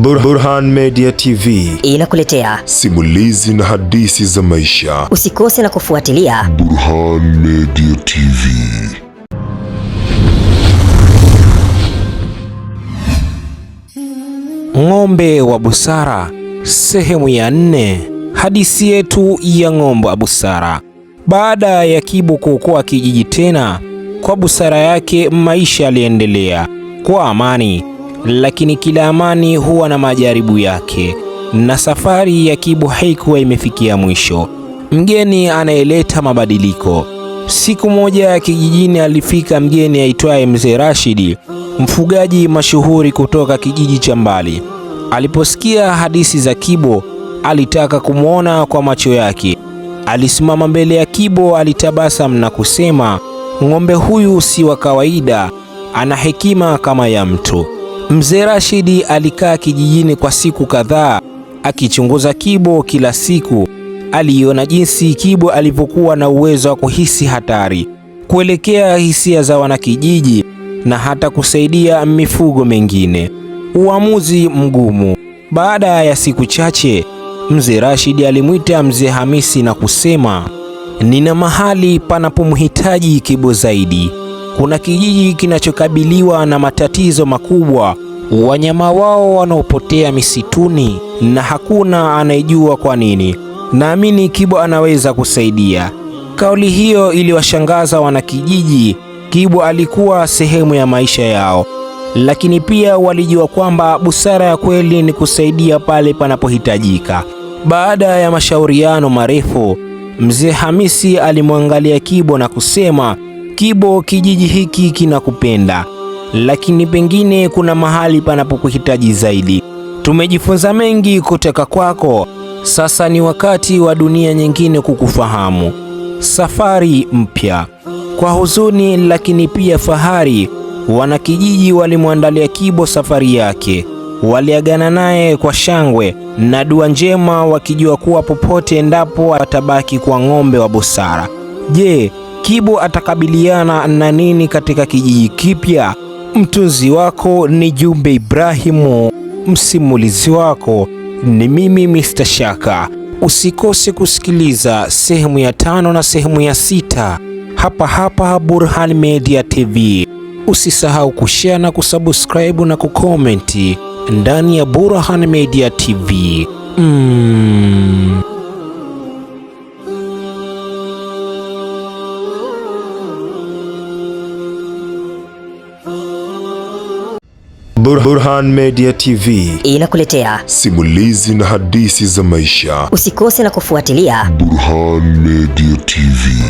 Burhan Media TV inakuletea simulizi na hadithi za maisha. Usikose na kufuatilia Burhan Media TV. Ng'ombe wa Busara, sehemu ya nne. Hadithi yetu ya ng'ombe wa busara. Baada ya Kibu kuokoa kijiji tena, kwa busara yake maisha yaliendelea kwa amani lakini kila amani huwa na majaribu yake, na safari ya Kibo haikuwa imefikia mwisho. Mgeni anayeleta mabadiliko. Siku moja ya kijijini alifika mgeni aitwaye Mzee Rashidi, mfugaji mashuhuri kutoka kijiji cha mbali. Aliposikia hadithi za Kibo, alitaka kumwona kwa macho yake. Alisimama mbele ya Kibo, alitabasamu na kusema, ng'ombe huyu si wa kawaida, ana hekima kama ya mtu. Mzee Rashidi alikaa kijijini kwa siku kadhaa akichunguza Kibo kila siku. Aliiona jinsi Kibo alivyokuwa na uwezo wa kuhisi hatari, kuelekea hisia za wanakijiji na hata kusaidia mifugo mengine. Uamuzi mgumu. Baada ya siku chache, Mzee Rashidi alimwita Mzee Hamisi na kusema, nina mahali panapomhitaji Kibo zaidi kuna kijiji kinachokabiliwa na matatizo makubwa, wanyama wao wanaopotea misituni na hakuna anayejua kwa nini. Naamini kibwa anaweza kusaidia. Kauli hiyo iliwashangaza wanakijiji. kibwa alikuwa sehemu ya maisha yao, lakini pia walijua kwamba busara ya kweli ni kusaidia pale panapohitajika. Baada ya mashauriano marefu, Mzee Hamisi alimwangalia Kibwa na kusema, Kibo, kijiji hiki kinakupenda, lakini pengine kuna mahali panapokuhitaji zaidi. Tumejifunza mengi kutoka kwako, sasa ni wakati wa dunia nyingine kukufahamu. Safari mpya. Kwa huzuni lakini pia fahari, wanakijiji walimwandalia Kibo safari yake. Waliagana naye kwa shangwe na dua njema, wakijua kuwa popote endapo atabaki kwa ng'ombe wa busara. Je, Kibo atakabiliana na nini katika kijiji kipya? Mtunzi wako ni Jumbe Ibrahimu, msimulizi wako ni mimi Mr. Shaka. Usikose kusikiliza sehemu ya tano na sehemu ya sita hapa hapa Burhan Media TV. Usisahau kushare na kusubscribe na kukomenti ndani ya Burhan Media TV. Mm. Burhan Media TV inakuletea simulizi na hadithi za maisha. Usikose na kufuatilia Burhan Media TV.